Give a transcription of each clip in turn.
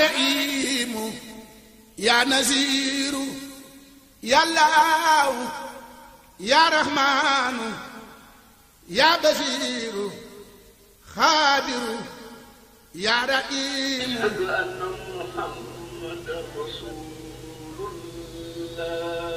رئيم يا نزير يا الله يا رحمن يا بشير خابر يا رئيم أشهد أن محمد رسول الله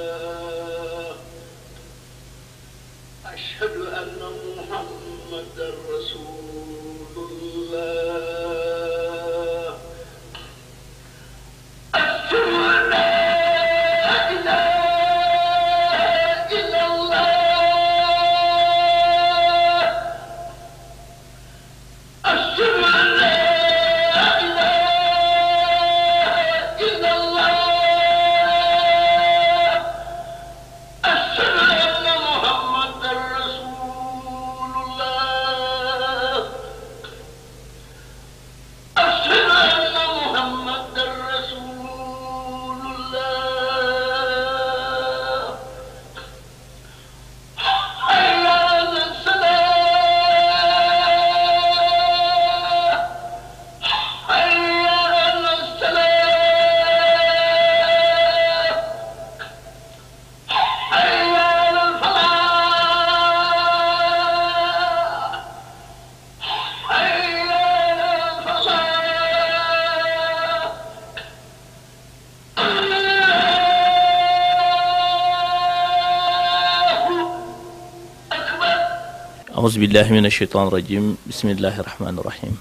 أعوذ بالله من الشيطان rajim bismillahi rahmaani rahim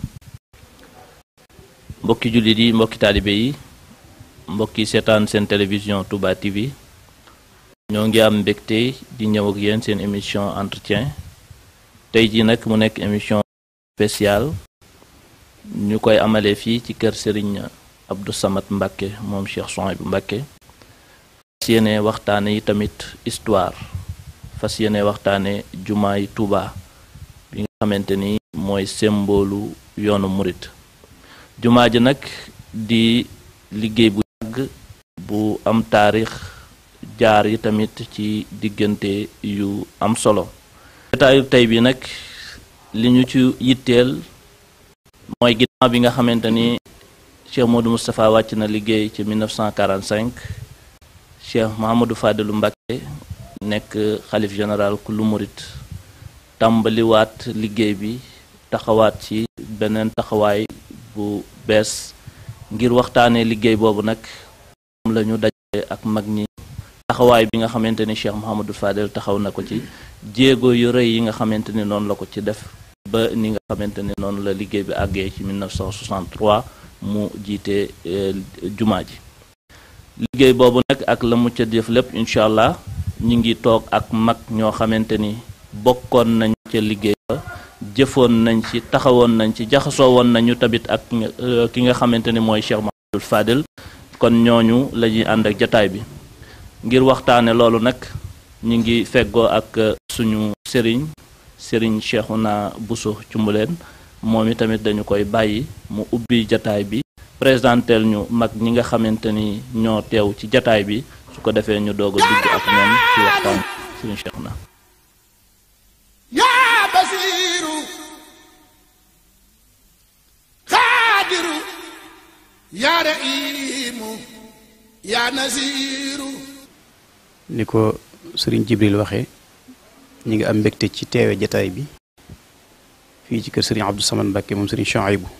mbokki jullit yi mbokki taalibe yi mbokki seetaan seen télévision Touba TV ñoo ngi am mbégte di ñëw ak yéen seen émission entretien tey jii nag mu nekk émission spéciale ñu koy amalee fii ci kër Serigne Abdou Samad Mbacké moom Cheikh Souhaïbou Mbacké fas yéene waxtaane yi tamit histoire fas yéene waxtaane jumaa yi Touba bi nga xamante ni mooy semboolu yoonu murit jumaa ji nag di liggéey bu yàgg bu am taarix jaar yi tamit ci diggante yu am solo jotaayu tey bi nag li ñu ci yitteel mooy ginnaaw bi nga xamante ni Cheikh Modou Moustapha wàcc na liggéey ci 1945 Cheikh Mahamadou Fadilu Mbacké nekk xalif général ku lu murit tàmbaliwaat liggéey bi taxawaat ci beneen taxawaay bu bees ngir waxtaanee liggéey boobu nag moom la ñu dajee ak mag ñi taxawaay bi nga xamante ni Cheikh Mouhamadou Fadel taxaw na ko ci jéego yu rëy yi nga xamante ni noonu la ko ci def ba ni nga xamante ni noonu la liggéey bi àggee ci 1963 mu jiite eh, jumaa ji liggéey boobu nag ak la ca def lépp incha allah ñu ngi toog ak mag ñoo xamante bokkoon nañ ca liggéey ba jëfoon nañ ci taxawoon nañ ci jaxasoo woon nañu tamit ak euh, ki nga xamante ni mooy Cheikh Mahamadul Fadil kon ñooñu la ñuy ànd ak jataay bi ngir waxtaane loolu nag ñu ngi feggoo ak euh, suñu sëriñ sëriñ Cheikhouna Bousso Cumbuleen moom itamit dañu koy bàyyi mu ubbi jataay bi présentel ñu mag ñi nga xamante ni ñoo teew ci jataay bi su ko defee ñu doog a dugg ak ñoom ci waxtaan sëriñ na yaa rahiimu yaa nasiiru ni ko sëriñ Jibril waxe ñi ngi am mbégte ci teewe jataay bi fii ci kër sëriñ Abdou Samane Mbacke moom sëriñ Chouaïbou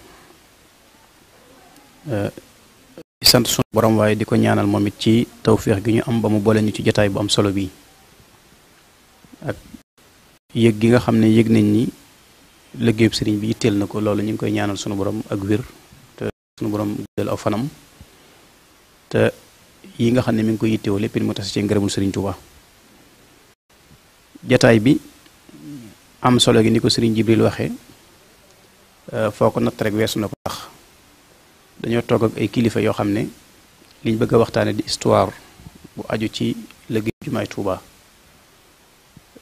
di sant sunu borom waaye di ko ñaanal moom it ci tawféex gi ñu am ba mu boole ci jataay bu am solo bii ak yëg gi nga xam ne yëg nañ ni liggéeyub sëriñ bi itteel na ko loolu ñu ngi koy ñaanal sunu borom ak wér sunu borom guddal aw fanam te yi nga xam mi ngi koy yittewoo lépp mu tass ci ngërëmul Serigne Touba jotaay bi am solo gi ni Serigne Jibril waxee euh foko nat rek wessu nako ko tax dañoo toog ak ay kilifa yo xam ne liñ bëgg a di histoire bu aju ci liggéey jumaay Touba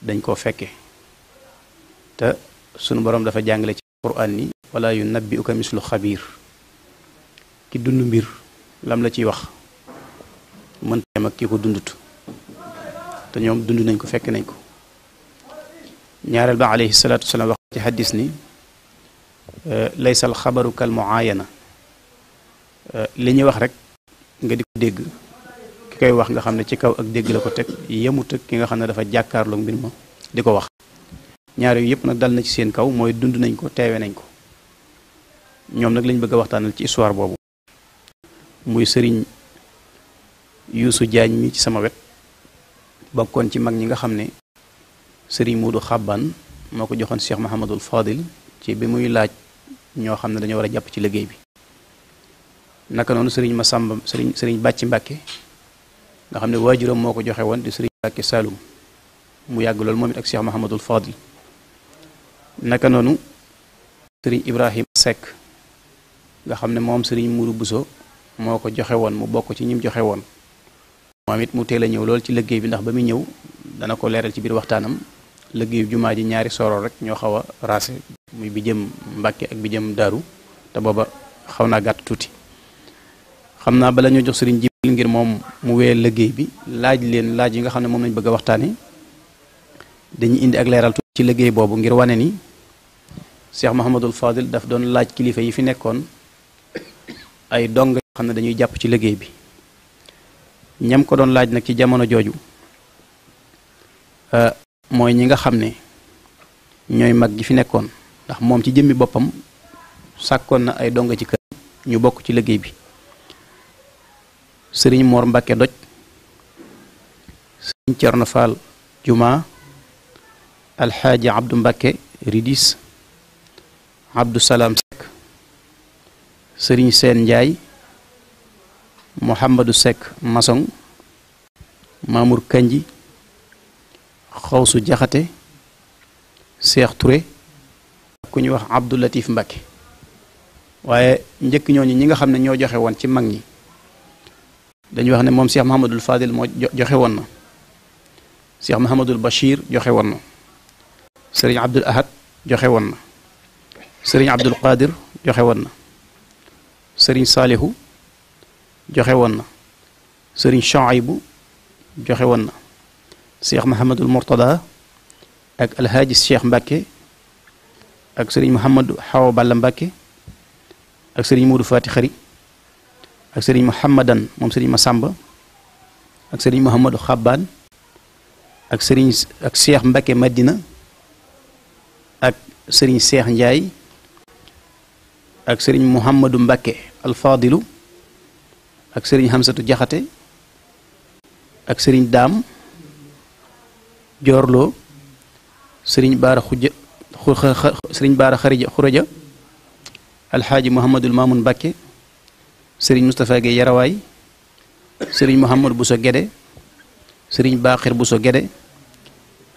dañ ko fekke te sunu borom dafa jàngale ci Qur'an ni wala yunabbi'uka uka mislu khabir ki dund mbir lam la ciy wax mën tem ak kiko dundut te ñoom dund nañ ko fekk nañ ko ñaareel ba alayhi salatu wasalaam wax ci xaddis ni laysa al khabaru kal muaayana li ñuy wax rek nga di ko dégg ki koy wax nga xam ne ci kaw ak dégg la ko teg yemut ak ki nga xam ne dafa jàkkaarloog mbir ma di ko wax ñaar yooyu yëpp nag dal na ci seen kaw mooy dund nañ ko teewe nañ ko ñoom nag lañ bëgg waxtaanal ci histoire boobu muy sëriñ yuusu jaañ mi ci sama wet bokkoon ci mag ñi nga xam ne sëriñ Muudu xàbban moo ko joxoon Cheikh Mahamadul Fadil ci bi muy laaj ñoo xam ne dañoo war a jàpp ci liggéey bi naka noonu sëriñ Masamba sëriñ sëriñ Bàcci Mbàkke nga xam ne waajuram moo ko joxe woon di sëriñ Mbàkke Saalum mu yàgg loolu moom it ak Cheikh Mahamadul Fadil naka noonu sëriñ Ibrahima Seck nga xam ne moom sëriñ Muuru Buso moo ko joxe woon mu bokk ci ñim joxe woon moom it mu teel a ñëw lool ci liggéey bi ndax ba muy ñëw dana ko leeral ci biir waxtaanam liggéey jumaa ji ñaari soroor rek ñoo xaw a raase muy bi jëm Mbàkke ak bi jëm Daaru te booba xaw naa gàtt tuuti xam naa bala ñoo jox sëriñ Jibril ngir moom mu wéyal liggéey bi laaj leen laaj yi nga xam ne moom nañ bëgg a waxtaane dañuy indi ak leeral tuuti ci liggéey boobu ngir wane ni Cheikh Mahamadul Fadil daf doon laaj kilifa yi fi nekkoon xam ne dañuy jàpp ci liggéey bi ñam ko doon laaj nag ci jamono jooju euh, mooy ñi nga xam ne ñooy mag gi fi nekkoon ndax moom ci jëmmi boppam sàkkoon na ay donga ci kër ñu bokk ci liggéey bi sëriñ Mor Mbàkke doj sëriñ Cerno Faal Juma alxaaji Abdu Mbàkke Ridis Abdu Salaam Sekk sëriñ Seen Njaay Mouhamadou Seck masoŋ Mamour Kanji Xawsu Jaxate Cheikh Touré ku ñuy wax Abdou Latif Mbacké waaye njëkk ñooñu ñi nga xam ne ñoo joxe woon ci mag ñi dañu wax ne moom Cheikh Mahamadul Fadil moo joxe woon na Cheikh Mahamadul Bachir joxe woon na Sëriñ Abdul Ahad joxe woon na Sëriñ Abdul joxe woon na Sëriñ Saalihu joxe woon na sëriñ Chouaïbou joxe woon na cheikh Mahamadul Mourtada ak alhaaji cheikh Mbacke ak sëriñ Mouhamadou Xawa Balla Mbacke ak sëriñ Modou Fati Xari ak sëriñ Mouhamadan moom sëriñ Massamba ak sëriñ Mouhamadou Xabbaan ak sëriñ ak cheikh Mbacke Madina ak sëriñ cheikh Ndiaye ak sëriñ Mouhamadou Mbacke Alfadilu ak serigne satu jaxate ak dam, jorlo, serigne bara khuja serigne bara kharija khuraja al muhammadul maamun bakke serigne mustapha gay yarawaay serigne muhammad buso gede serigne bakhir buso gede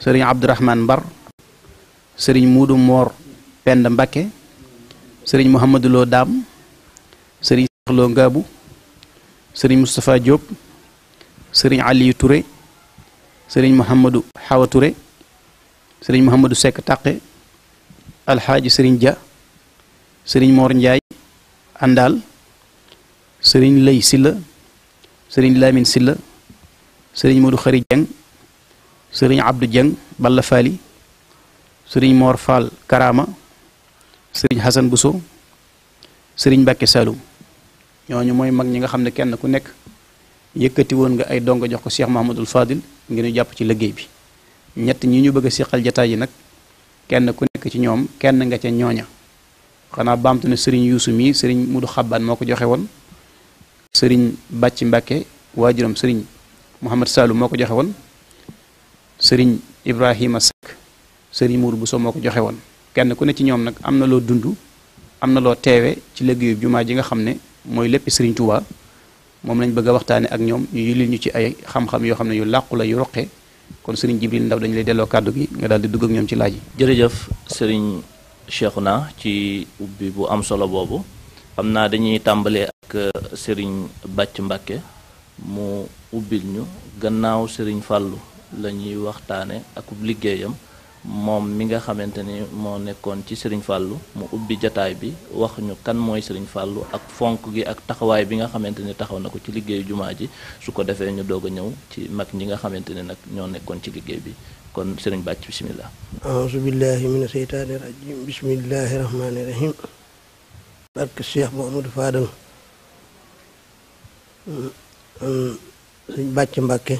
sëriñ Bar, mbar sëriñ muudu moor pend mbàkke sëriñ muhammaduloo daam ngabou sëriñ Moustapha Diop sëriñ Aliou Touré sëriñ Mouhamadou Hawa Touré sëriñ Mouhamadou Seck Taqe alxaaji sëriñ Dia sëriñ Mor Ndiaye Andal sëriñ Lay Silla sëriñ Lamine Silla sëriñ Modou Xari Dieng sëriñ Abdou Dieng Balla Fali sëriñ Mor Fall Karama sëriñ Hassan Bousso sëriñ Mbacke Saloum ñooñu mooy mag ñi nga xam ne kenn ku nekk yëkkati woon nga ay donga jox ko Cheikh Mahamadul Fadil ngir ñu jàpp ci liggéey bi ñett ñi ñu bëgg a siqal jataay yi nag kenn ku nekk ci ñoom kenn nga ca ñooña xanaa baamtu ne sëriñ yuusu mii sëriñ mudu xabbaan moo ko joxe woon sëriñ bàcc mbàkke waajuram sëriñ muhammad saalu moo ko joxe woon sëriñ ibrahima Seck sëriñ muur bu so moo ko joxe woon kenn ku ne ci ñoom nag am na loo dund am na loo teewe ci liggéeyu jumaa ji nga xam ne mooy lépp Serigne Touba moom lañ bëgg a waxtaane ak ñoom ñu yulil ñu ci ay xam-xam yoo xam ne yu làqu la yu roqe kon Serigne Jibril Ndaw dañu lay delloo kàddu gi nga daal di dugg ak ñoom ci laaj yi. jërëjëf Serigne na ci ubbi bu am solo boobu xam naa dañuy tàmbalee ak uh, Serigne Bàcc Mbàkke mu ubbil ñu gannaaw sëriñ Fàllu lañuy ñuy waxtaane ak liggéeyam. moom mi nga xamante ni moo nekkoon ci sëriñ fàllu mu ubbi jataay bi wax ñu kan mooy Serigne Fallou ak fonk gi ak taxawaay bi nga xamante ni taxaw na ko ci liggéeyu jumaa ji su ko defee ñu doog a ñëw ci mag ñi nga xamante ni nag ñoo nekkoon ci liggéey bi kon Serigne Bàcc bisimilah. aouzu billahi mina seytaani rajim bismillahi rahmaani rahim. barke Cheikh Mouhamadou mm, mm, Bàcc Mbàkke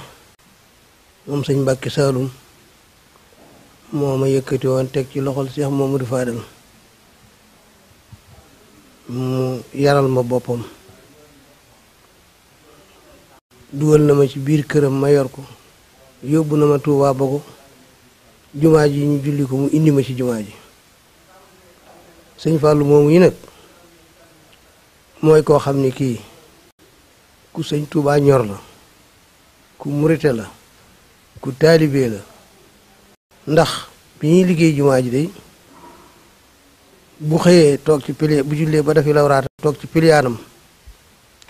moom sëñ Mbàkke Saalum. moo ma yëkkati woon teg ci loxol Cheikh Mamadou Fadal mu yaral ma boppam dugal na ma ci biir këram ma yor ko yóbbu na ma Tuubaa ba ko jumaa ji ñu julli ko mu indi ma ci jumaa ji sëñ Fallou moomu yi nag mooy koo xam ni kii ku sëñ Tuubaa ñor la ku murite la ku taalibe la ndax bi ñuy liggéey jumaa ji day bu xëyee toog ci pilier bu jullee ba dafi lawraata toog ci piliyaanam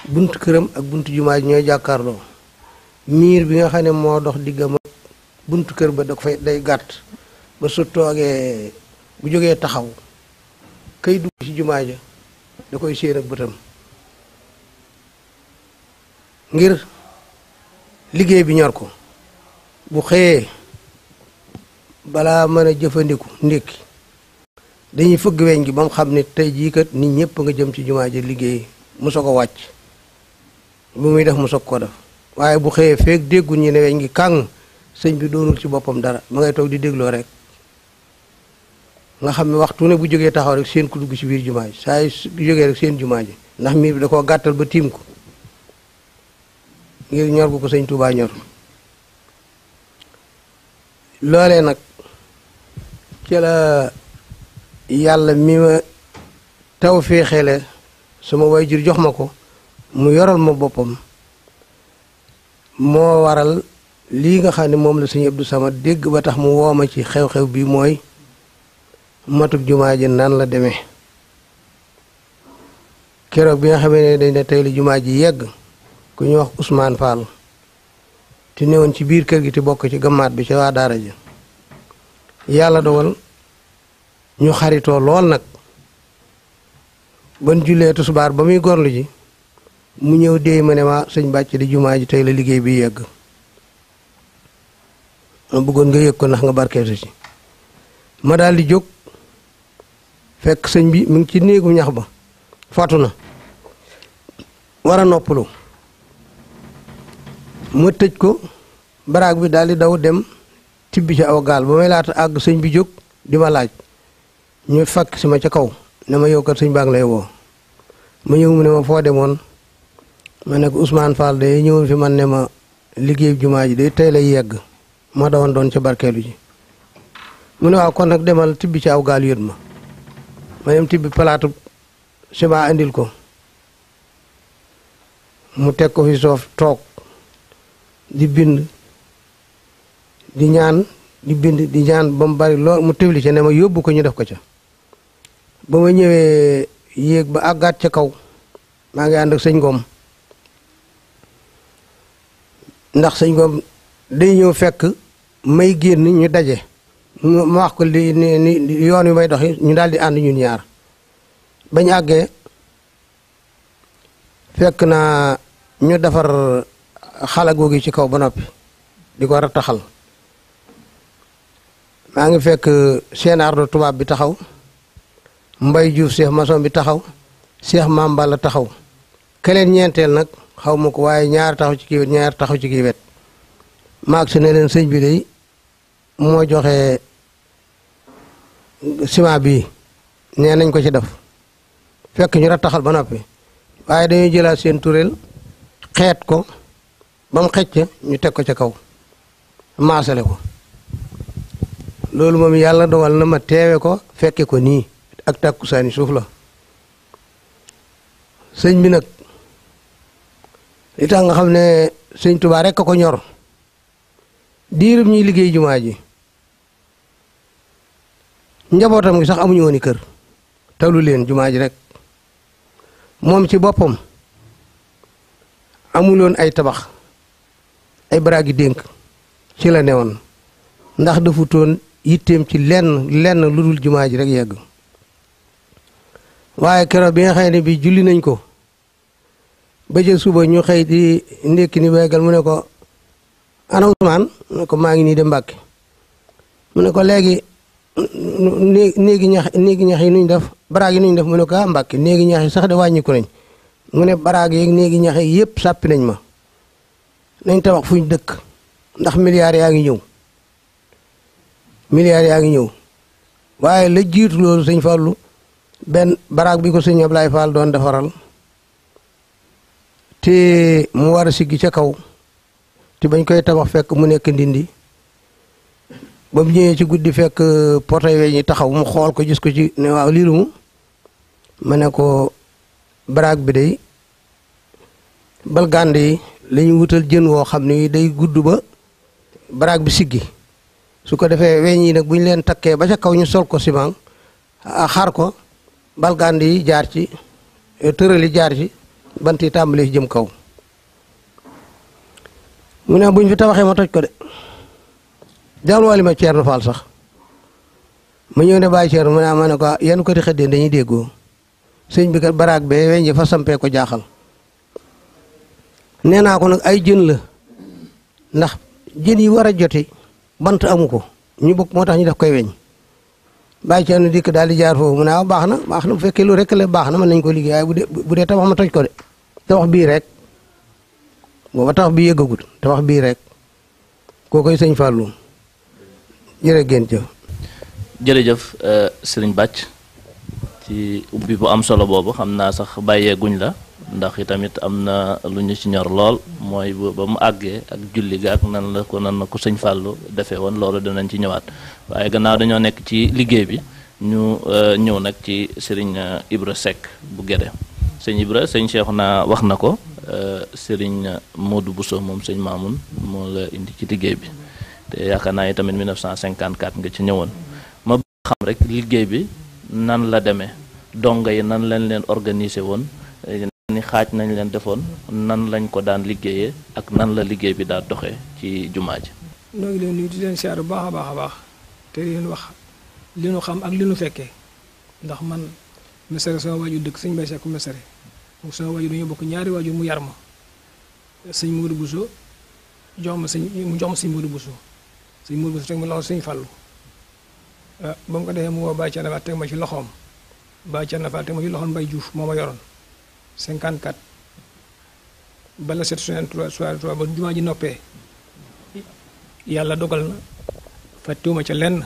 bunt këram ak bunt jumaa ji ñooy jàkkaarloo miir bi nga xam ne moo dox diggam ak bunt kër ba da ko fay day gàtt ba su toogee bu jógee taxaw kay dugg ci jumaa ja da koy séen ak bëtam ngir liggéey bi ñor ko bu xëyee balaa mën a jëfandiku ndékki dañuy fëgg weñ gi ba mu xam ne tey jii kat nit ñëpp nga jëm ci jumaa ji liggéey mu soog wàcc bu muy def mu soog koo def waaye bu xëyee feek déggu ñu ne weñ gi kàng sëñ bi doonul ci boppam dara ma ngay toog di dégloo rek nga xam ne waxtu ne bu jógee taxaw rek seen ku dugg ci biir jumaa ji saa yu jógee rek seen jumaa ji ndax mii bi da koo gàttal ba tiim ko ngir ñor gu ko sëñ Tuubaa ñor loolee nag ci la yàlla mi ma taw féexeele suma jur jox ma ko mu yoral ma boppam moo waral lii nga xam ne moom la suñu Abdou Samad dégg ba tax mu wooma ci xew-xew bi mooy matub jumaa ji nan la demee keroog bi nga xamee ne dañ ne tey lu jumaa ji yegg ku ñu wax Ousmane Fall te néewoon ci biir kër gi te bokk ci gammaat bi ci waa daara ji yàlla dogal ñu xaritoo lool nag ban jullee tusubaar ba muy gorlu ji mu ñëw déey ma ne ma sëñ bàcc di jumaa ji tey la liggéey bi yegg ma bëggoon nga yëg ko ndax nga barkeetu ci ma daal jóg fekk sëñ bi mu ngi ci néegu ñax ba fatu na war a noppalu ma tëj ko baraag bi daal di daw dem tibbi ci aw gaal ba may laat àgg sëñ bi jóg di ma laaj ñuy fakk si ma ca kaw ne ma yow kat sëñ baa ngi lay woo ma ñëw mu ne ma foo demoon ma ne ko Ousmane Fall day ñëwoon fi man ne ma liggéey jumaa ji day tey la yegg ma dawoon doon ci barkeelu ji mu ne waaw kon nag demal tibbi ci aw gaal yót ma ma dem tibbi palaatu ciment andil ko mu teg ko fi soof toog di bind di ñaan di bind di ñaan ba mu bari lool mu tëfli ca ne ma yóbbu ko ñu def ko ca ba ma ñëwee yéeg ba àggaat ca kaw maa ngi ànd ak sëñ Ngom ndax sëñ Ngom day ñëw fekk may génn ñu daje ma wax ko li ni yoon wi may doxi ñu daal di ànd ñu ñaar bañ àggee fekk na ñu defar xalagoo gi ci kaw ba noppi di ko rattaxal maa ngi fekk seenaardo tubaab bi taxaw mbay juuf seex maçon bi taxaw seex mambala taxaw keleen ñeenteel nag xaw ma ko waaye ñaar taxaw ci kii wet ñaar taxaw ci kii wet maag si ne leen sëñ bi day moo joxe ciment bi nee nañ ko ci def fekk ñu rattaxal ba noppi waaye dañuy jëlaat seen tureel xeet ko ba mu xëcc ñu teg ko ca kaw maasale ko loolu moom yàlla dowal na ma teewe ko fekke ko nii ak tàkkusaani suuf la sëñ bi nag li tax nga xam ne sëñ tubaa rek a ko ñor diirub ñuy liggéey jumaa ji njabootam gi sax amuñu woon kër tawlu leen jumaa ji rek moom ci boppam amuloon ay tabax ay baragi denk ci la newon ndax defutoon yitteem ci lenn lenn lu dul jumaa ji rek yegg waye kero bi nga bi julli nañ ko ba je suba ñu xey di nekk ni wégal mu ne ko ana usman mu ko maangi ni nii de Mbàkke mu ne ko legi neegi ñax neegi ñax yi nuñ def baragi nuñ def mu ne ko ah neegi ñax yi sax de ko nañ mu ne baragi yeeg neegi ñax yi yépp sappi nañ ma nañ tabax fu ñu dëkk ndax milliards yaa ngi ñëw milliards yaa ngi ñëw waaye la jiitu loolu sëñ Fallou benn baraag bi ko sëñ Ablaye Fall doon defaral te mu war a siggi ca kaw te bañ koy tabax fekk mu nekk ndindi ba mu ñëwee ci guddi fekk euh, portail we ñi taxaw mu xool ko gis ko ci ne waaw lii ma ne ko baraag bi day bal gànd yi li lañu wutal jën woo xam ne day gudd ba baraag bi siggi su ko defee weñ yi nag bu ñu leen takkee ba ca kaw ñu sol ko ciment ah, xar ko balgand yi jaar ci eh, tëral yi jaar ci bant yi jëm kaw mu ne buñ fi tabaxee ma toj ko de jaaluwaali ma Ceerno Faal sax ma ñëw ne bàyyi Ceerno mu ne ma ne ko ah, yenn ko di xëddee dañuy déggoo sëñ bi kat baraag bee weñ yi fa sampee ko jaaxal nee naa ko nag ay jën la ndax jën yi war a joti bant amu ko ñu bëgg moo tax ñu def koy weñ bàyyi ci ànd dikk daal di jaar foofu mu ne ah baax na baax na bu fekkee lu rek la baax na mën nañ ko liggéey bu dee bu dee tabax ma toj ko de tabax bii rek booba tabax bii yëggagut tabax bii rek koo koy sëñ Fallou jëre ngeen jëf. jërëjëf euh, Serigne bàcc ci ubbi bu am solo boobu xam naa sax bàyyeeguñ la. ndax itamit am na lu ñu ci ñor lool mooy ba mu àggee ak julli ga ak nan la ko nan la ko sëñ Fallou defee woon loolu dinañ ci ñëwaat waaye gannaaw dañoo nekk ci liggéey bi ñu euh, ñëw nag ci Serigne euh, Ibra Seck bu Gédé sëñ Ibra sëñ naa wax na ko euh, Serigne Modou Bousso moom sëñ Mamoun moo la indi ci liggéey bi te yaakaar naa itamit 1954 nga ci ñëwoon ma xam rek liggéey bi nan la demee donga yi nan lañ leen organiser woon ni xaaj nañ leen defoon nan lañ ko daan liggéeyee ak nan la liggéey bi daan doxee ci jumaa ji noo ngi leen nuyu leen siyaar bu baax a baax a baax te leen wax li xam ak li nu fekkee ndax man mesere sama waajur dëkk sëñ Bay Sekk mesere mu sama waajur dañoo bokk ñaari waajur mu yar ma sëñ Modou Bousso jox ma sëñ mu jox ma sëñ Modou Bousso sëñ Modou Bousso teg ma loxo sëñ Fàllu ah, ba mu ko defee mu woo Baye Thierno Fall teg ma ci loxoom Baye Thierno Fall teg ma ci loxoom Baye Diouf moo yoroon 54 bala 763 soit ba juma ji noppee yàlla dogal na fàttiwuma ca lenn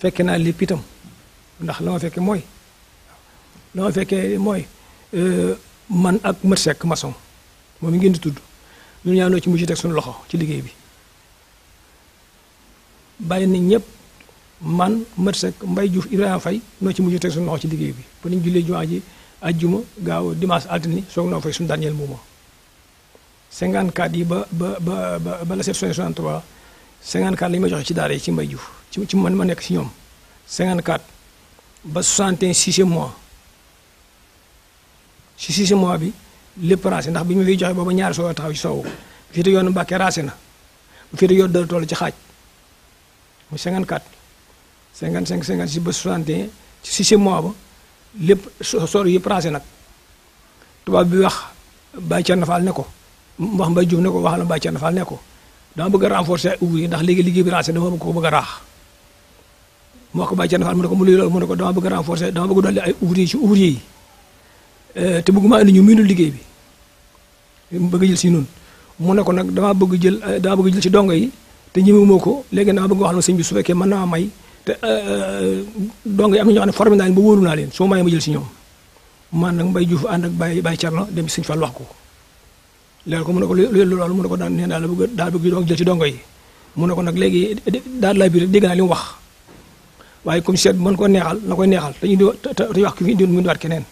fekke naa lépp itam ndax la ma fekke mooy la ma fekkee mooy euh, man ak mët sekk maçon moom ngeen di tudd ñun ñaanoo ci suñu loxo ci liggéey bi bàyyi nañ ñëpp man mersek, sekk mbay juuf ibrahima fay noo ci mujj teg suñu loxo ci liggéey bi ba nañ jullee ji aljuma gaaw dimanche altini soog noo fay suñu daniel mouvement 54 yi ba ba ba ba ba la sept soixante soixante trois 54 lañ ma joxe ci daara yi ci mbay juuf ci ci man ma nekk ci ñoom 54 ba 61 sixième mois si sixième mois bi lépp rancé ndax bi ñu fiy joxe booba ñaari soo taxaw ci sowu bu de yoonu mbàkke rancé na bu féete yoon dara toll ci xaaj mu 54 55 56 ba 61 ci sixième mois ba lépp sor yëpp rancé nag tubaab bi wax Baye Thierno Fall ne ko wax Mbaye Diouf ne ko wax la Baye Thierno Fall ko dama bëgg a renforcer ouvrier léegi liggéey bi rancé dama a raax mu wax ko Baye Thierno Fall mu ne ko mu luy loolu mu ne ko dama bëgg a renforcer dama bëgg dolli ay ouvrier ci ouvrier yi euh, te bëgguma indi ñu miinul liggéey bi mu bëgg jël si nun mu nekko nag dama bëgg jël euh, dama bëgg jël si dongo yi te ñu moo ko léegi dama bëgg wax la sëñ bi su fekkee mën naa may te eh, donc am ñu xamne formé naa leen ba wooruna naa leen su ma ma jël ci ñom man nak mbay juuf and ak bay bay charno dem si sëñ Fall wax ko leer ko mu nako leer loolu mu nako daan neena la bëgg daal bëgg donc jël ci dongo yi mu nako nak legi daal la bi dégg na li wax waye comme chef man ko neexal na koy neexal dañu di wax ki fi mu ndar keneen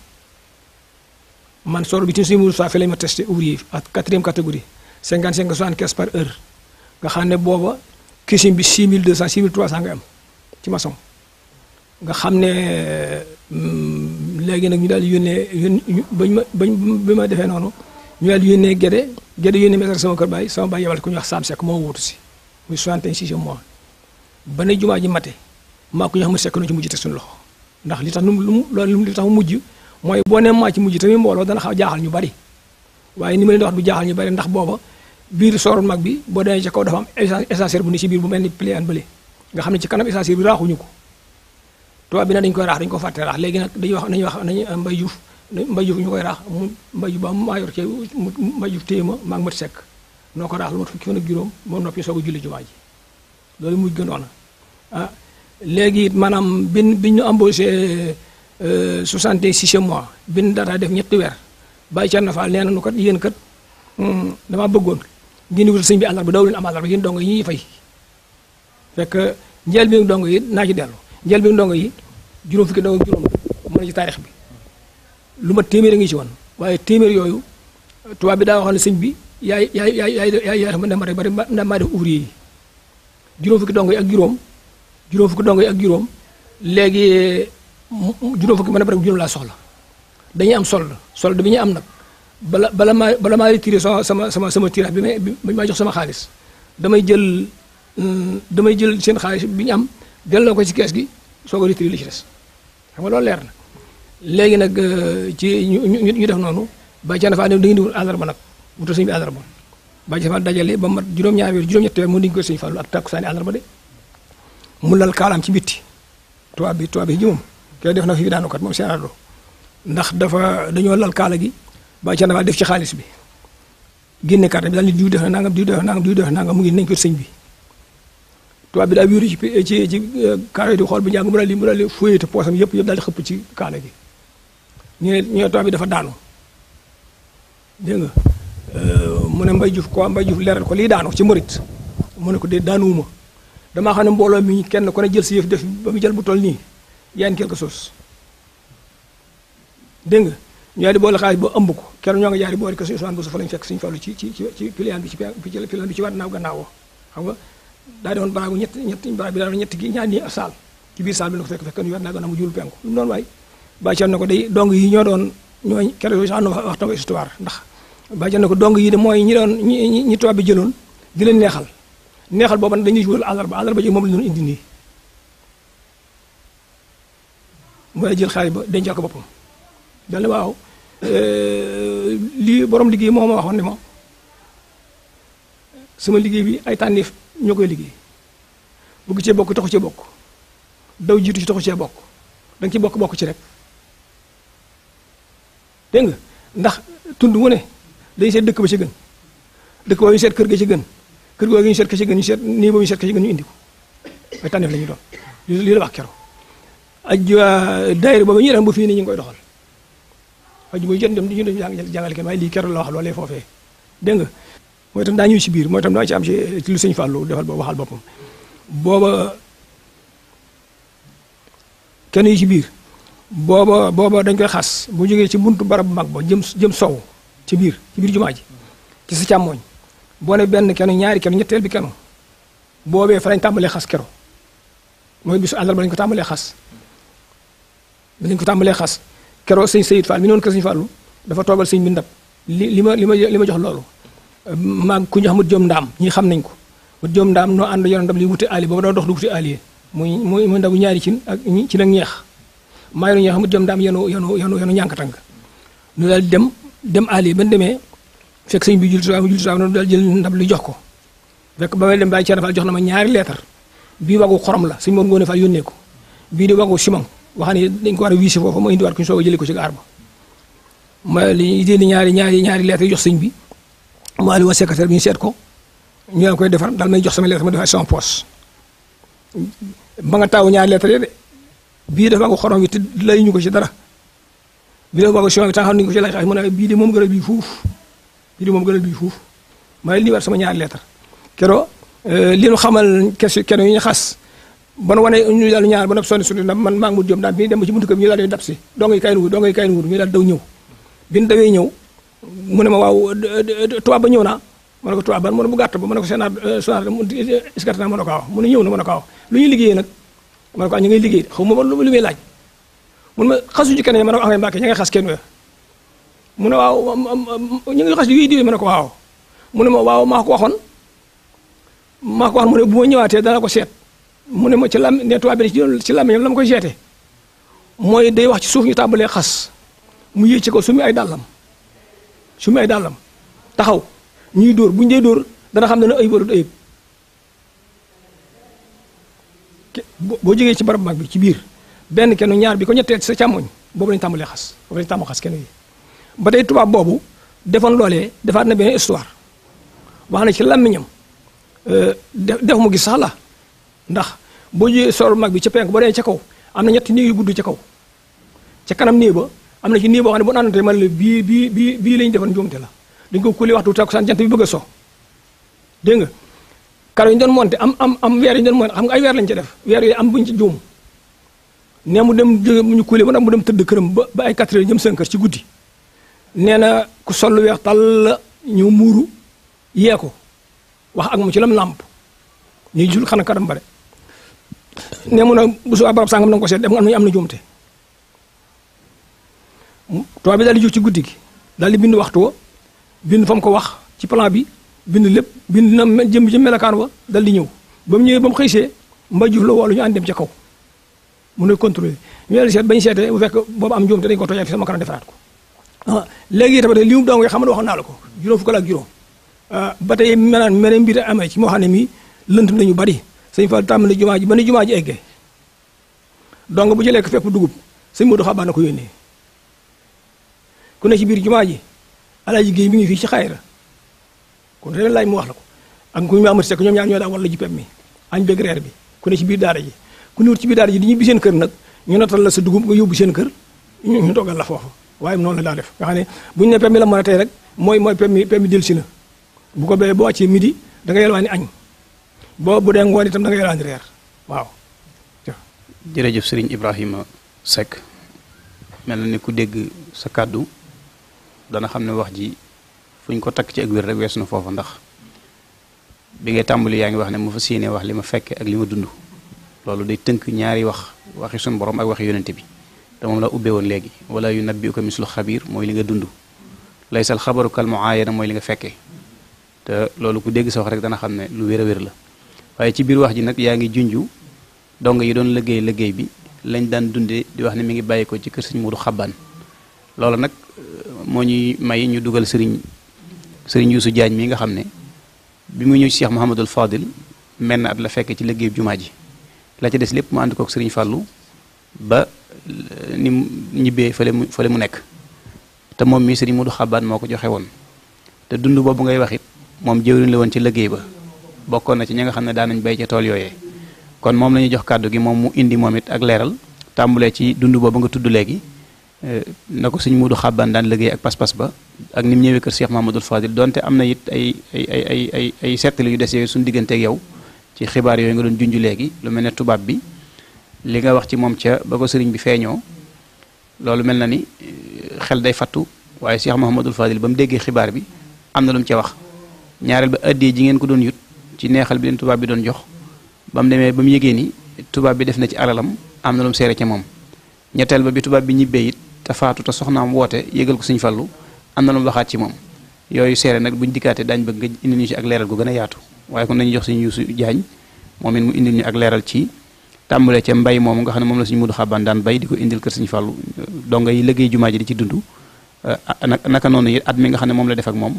man sor bi ci suñu sa fi lay ma testé ouvrier ak 4e catégorie 55 75 par heure nga xamne boba kisim bi 6200 6300 nga am ci maçon nga xam ne euh, léegi nag ñu daal di yónnee yón bañ ma bañ bi ma defee noonu ñu daal di yónnee Gédé Gédé yónnee ma sama kër baay sama baay yebal ko ñu wax Sam Seck moo wuutu si muy soixante et un sixième mois ba ne jumaa ji mate maa ko ñu xam sekk nu ci mujj te suñu loxo ndax li tax nu mu loolu tax mujj mooy boo nee maa ci mujj tamit mbooloo dana xaw jaaxal ñu bari waaye ni ma leen di du jaaxal ñu bari ndax booba biir sorul mag bi boo demee ca kaw dafa am essentiel bu ni ci biir bu mel ni pléan bële nga xam ne ci kanam essentiel bi ñu ko tubaab bi nag dañ koy raax dañ ko fàtte raax léegi nag dañuy wax nañu wax nañu mbay juuf mbay juuf ñu koy raax mbay juuf ba maa yor ci mbay juuf téye ma maa ngi mat sekk noo ko raax lu mat fukki fan juróom moo noppi soog a julli jumaa ji loolu mujj gënoon ah léegi maanaam bin bi ñu embauché 66 euh, mois bin data def ñetti weer bàyyi ca nafaal nee na nu kat yéen kat hmm, dama bëggoon ngeen wutal sëñ bi àllarba daw leen am àllarba yéen dong yi ñuy fay fekk njël mi ndongo yi naa ci dellu njël mi ndongo yi juróom fukki ndongo juróom mu ci taarix bi lu ma téeméer ya ngi ci woon waaye téeméer yooyu tubaab bi daa waxoon sëñ bi yaay yaay yaay yaay yaay yaay ma ma bari ma maa def ouvrier yi juróom fukki ndongo yi ak juróom juróom fukki ndongo yi ak juróom léegi juróom fukki ma ne bari juróom laa soxla dañuy am solde solde bi ñu am nag bala bala ma bala maa retiré sama sama sama tirage bi ma bi jox sama xaalis damay jël damay jël seen xaalis bi ñu am delloo ko ci kees gi soog a li ci des xam nga loolu leer na léegi nag euh, ci ñu ñu ñu def noonu bàyyi ca dafa ne da ngeen di wut àllarba nag wutal sëñ bi àllarba bàyyi ci dafa dajale ba mat juróom-ñaari weer juróom-ñetti weer mu diñ ko sëñ Fallou ak takku saani àllarba de mu lal kaalaam ci bitti tubaab bi tubaab bi ji moom kay def na fi daanu kat moom seen àllarba ndax dafa dañoo lal kaala gi bàyyi ca dafa def ci xaalis bi génne carte bi daal di diw def na nangam diw def na nangam diw def na nangam mu ngi nañ ko sëñ bi tubaab bi daa wéeru ci ci ci kaano bu njàng mu daal di mu daal di fóoyate poosam yëpp yëpp daal gi ñu ne bi dafa daanu dégg nga euh, mu ne Mbay Juuf ko Mbay Juuf leeral ko lii daanu ci mërit mu ne ko de daanuwuma damaa xam ne mbooloo mi kenn ku ne jël si yëf def ba mu jël bu toll nii yaa ngi quelque chose dégg nga ñu daal di boole xaalis ba ëmb ko keroog ñoo ngi jaar di boole suñu Usmaan bu su fa lañ fekk suñu Fallu ci ci ci ci pilian bi ci pilian bi ci waat naaw gannaawoo xam nga daa doon baagu nyet ñetti baag nyet daa doon ñetti gi asal nii saal ci biir saal bi la ko fekk fekk ñu war naa gën a mu jul penku lu noonu waay bàyyi na ko day dong yi ñoo doon ñoo kere yooyu sax wax taw histoire ndax bàyyi na ko dong yi de mooy ñi doon ñi ñi tubaab bi jëloon di leen neexal neexal boobu dañuy wël àllarba àllarba ji moom la doon indi nii mooy jël xaalis ba dencal ko boppam dal na waaw euh, li borom liggéey moo ma waxoon ne sama bi ay ñoo koy liggéey bëgg cee bokk taxu cee bokk daw jiitu ci taxu cee bokk da ci bokk bokk ci rek dégg nga ndax tund wu ne dañu seet dëkk ba ci gën dëkk boobu ñu seet kër ga ci gën kër googu ñu seet ka ci gën ñu seet nii boobu ñu seet ka ci gën ñu indi ko ay tànneef la ñu doon lii la wax keroog aj daayira boobu ñu dem bu fii ni ñu ngi koy doxal aju muy jot dem di ñu jàngale kenn waaye lii keroog la wax loolee foofee dégg nga mooy tam daa ñëw ci biir mooy tam daa ci am ci lu sëñ Fallou defal ba waxal boppam booba kenn yi ci biir booba booba dañ koy xas bu jógee ci buntu barab bu mag boo jëm jëm sow ci biir ci biir jumaa ji ci sa càmmooñ boo ne benn kenn ñaari kenn ñetteel bi kenn boobee fa lañ tàmbalee xas kero mooy bisu àndal ba ko tàmbalee xas ba ko tàmbalee xas kero sëñ Seyid Fall mi noonu kër sëñ Fallu dafa toogal sëñ bi ndab li li ma li ma li ma jox loolu maag ku ñu xamut jom ndaam ñi xam nañ ko mut joom ndaam noo ànd yoon ndam li wuti ali booba doo dox du wuti ali muy muy ñaari cin ak ci nag ñeex maa yor ñeex xamut joom ndaam yenu yenu yenu yenu ñànkatang ñu daal dem dem ali ban demee fekk sëñ bi jultuwaa mu jultuwaa noonu daal jël ndab li jox ko fekk ba may dem bàyyi Cerno Fall jox na ma ñaari leetar bii wagu xorom la suñ moor ngoone Fall yónnee ko bii di wagu simon wax ne dañ ko war a wiisi foofu ma indiwaat ko ñu soog jëli ko ci gaar ma li idée ni ñaari ñaari ñaari leetar jox sëñ bi mu àll wa secrétaire bi ñu seet ko ñu leen koy defar daal may jox sama lettre ma defar sama poche ba nga taawu ñaari lettre yi de bii dafa ko xorom wi te lay ñu ko ci dara bii dafa ko choix bi taxaw nañu ko ci lay xaaj mu bii de moom gënal bii fuuf bii de moom gënal bii fuuf ma leen di war sama ñaari lettre kero euh, li ñu xamal yi ñu xas ban wane ñu daal ñaar ba nag sonni suñu man maa ngi mu jëm daal bi dem ba ci buntu kër bi ñu daal daw ñëw bi ñu dawee ñëw mu ne ma waaw tubaab ba ñëw na ma ne ko tubaab ban mu ne bu gàtt ba ma na ko sénar sénar iskat naa mën a ko wax mu ne ñëw na mën a ko lu ñuy liggéeyee nag ma ne ko ah ñu ngay liggéey xaw ma ba lu muy laaj mun ma xasuñu kenn ma ne ko ah ngay na ngay xas kenn mu ne waaw ñu ngi xas yooyu diwee ma ko aw mu na ma waaw maa ko waxoon maa ko waxoon mu bu ma ñëwaatee dana ko seet mu ne ma ci lam ne tubaab bi ci làmmiñam la ma koy seete mooy day wax ci suuf ñu tàmbalee xas mu yéeg ci ko su mu ay dàllam su may dàllam taxaw ñuy dóor bu ñu dee dóor dana xam na ne ayib warut ayib boo jógee ci barab mag bi ci biir benn kenn ñaar bi ko ñettee sa càmmoñ boobu lañ tàmbalee xas boobu lañ tàmbalee xas kenn yi ba tey tubaab boobu defoon loolee defaat na benn histoire wax na ci làmmiñam euh, def mu gis sax la ndax boo jógee sol mag bi ca penk boo dee ca kaw am na ñetti néeg yu gudd ci kaw ci kanam néeg ba amna ci ni bo xamne ne bu naanante man le bi bi bi bi lañ defoon njuumte la dañ ko kuli waxtu takku san jant bi bëgg so dégg nga karo yi doon monté am am am wër yi doon monte xam nga ay wër lañ ci def wër yi am buñ ci juum nee mu dem ñu kuli ba mu dem teud kërëm ba ay 4 heures jëm 5 heures ci guddi nee ku sollu lu tal ñu muru yéko wax ak mu ci lam lamp ñi jul xana karam bare nee mu na bu su barab sangam na ko sét dem nga am na juumte tubaab bi daal di jóg ci guddi gi daal di bind waxtu wa bind fa ko wax ci plan bi bind lépp bind na jëm ci melakaan wa dal di ñëw ba mu ñëwee ba mu xëysee mbay juuf la ñu ànd dem ca kaw mu ne contrôlé ñu ne seet bañ seetee bu fekk boobu am njuum te dañu ko toojaat fi sama kanam defaraat ko ah, léegi tamit li mu dong xam ne wax naa la ko juróom fukk ak juróom ah, ba tey menaan meneen mbir amee ci moo xam ne mii lëntum nañu bari sëñ Fall tàmm na jumaa ji ba ni jumaa ji eggee donc bu jëlee ko fépp dugub sëñ Modou Xabaan na ko yónnee ku ne ci biir jumaa ji alaaji géey mi ngi fii ci xayra kon ren laay mu wax la ko ak ku ñu amat sekk ñoom ñaar ñoo daa wala jipem mi añ beeg reer bi ku ne ci biir daara ji ku ne ci biir daara ji di ñibbi seen kër nag ñu natal la sa dugub nga yóbbu seen kër ñu ñu togal la foofu waaye noonu la daa def nga xam ne bu ñu ne pemmi la mën a tey rek mooy mooy pemmi pemmi delsi na bu ko bee boo wàccee midi da nga yelwaani añ boo bu dee ngoon itam da nga yelwaani reer waaw jërëjëf Serigne ibrahima sek mel na ni ku dégg sa kaddu dana xam ne wax ji fu ñu ko takk ci ak wér rek weesu na foofa ndax bi ngay tàmbali yaa ngi wax ne ma fa séenee wax li ma fekke ak li ma dund loolu day tënk ñaari wax waxi suñu borom ak waxi yonente bi te moom la ubbee woon léegi wala yu bi nabbiuka mislu xabiir mooy li nga dund lay laysal xabaru kal muayana mooy li nga fekkee te loolu ku dégg sa wax rek dana xam ne lu wér a wér la waaye ci biir wax ji nag yaa ngi junju dong yi doon liggéey liggéey bi lañ daan dundee di wax ne mi ngi bàyyi ci kër sëñ Moodu Xabbaan moo ñuy may ñu dugal sëriñ sëriñ Youssou jaañ mi nga xam ne bi mu ñëw Cheikh Mouhamadul Fadil menn at la fekk ci liggéey jumaa ji la ca des lépp mu ànd kook sëriñ Fallou ba euh, ni mu ñibbee fële mu fële mu nekk te moom mii sëriñ du Xabaan moo ko joxe woon te dund boobu ngay wax it moom jëwriñ la woon ci liggéey ba bokkoon na ci ñi nga xam ne daan nañ béy ca tool yooyee kon moom la ñuy jox kàddu gi moom mu indi moom it ak leeral tàmbulee ci dund boobu nga tudd léegi nako seigne sëñ Muudu dan daan ak pass pass ba ak nim mu keur Cheikh Mamadou Fadil donte amna yit it ay ay ay ay ay ay settali yu des sun suñu ak yow ci xibaar yoy nga doon junj légui lu mel tubab bi li nga wax ci mom ca ba ko seigne bi feño lolu melna ni xel day fatu waye Cheikh mamadou Fadil bam déggé xibaar bi amna lu mu ca wax ñaaral ba addee ji ngeen ko doon yut ci neexal bi len tubab bi doon jox bam démé bam yégué ni tubab bi def na ci alalam amna lu mu seere ca moom ñetteel ba bi tubaab bi ñibbee it te faatu te soxnaam woote yëgal ko suñ fallu am na lu mu waxaat ci moom yooyu seere nag buñ dikkaatee daañ bëgg nga indi leeral gu gën a yaatu waaye kon nañu jox suñu jaañ moom it mu indil leeral ci tàmbalee ca mbay moom nga xam ne moom la suñu mudu xaban daan bay di ko indil kër suñu fàllu donga yi liggéey jumaa ji di ci dund ah, naka noonu it at mi nga xam ne moom la def ak moom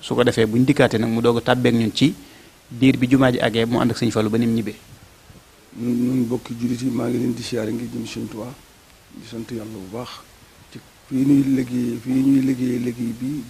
su ko defee buñ dikkaatee nag mu doog a tàbbeek ñun ci diir bi jumaa ji àggee mu ànd ak suñu fàllu ba nim ñibbee nun bokki jullit yi ngi leen di siyaare ngir di sant yàlla bu baax ci fii ñuy liggéey fii ñuy liggéey liggéey bii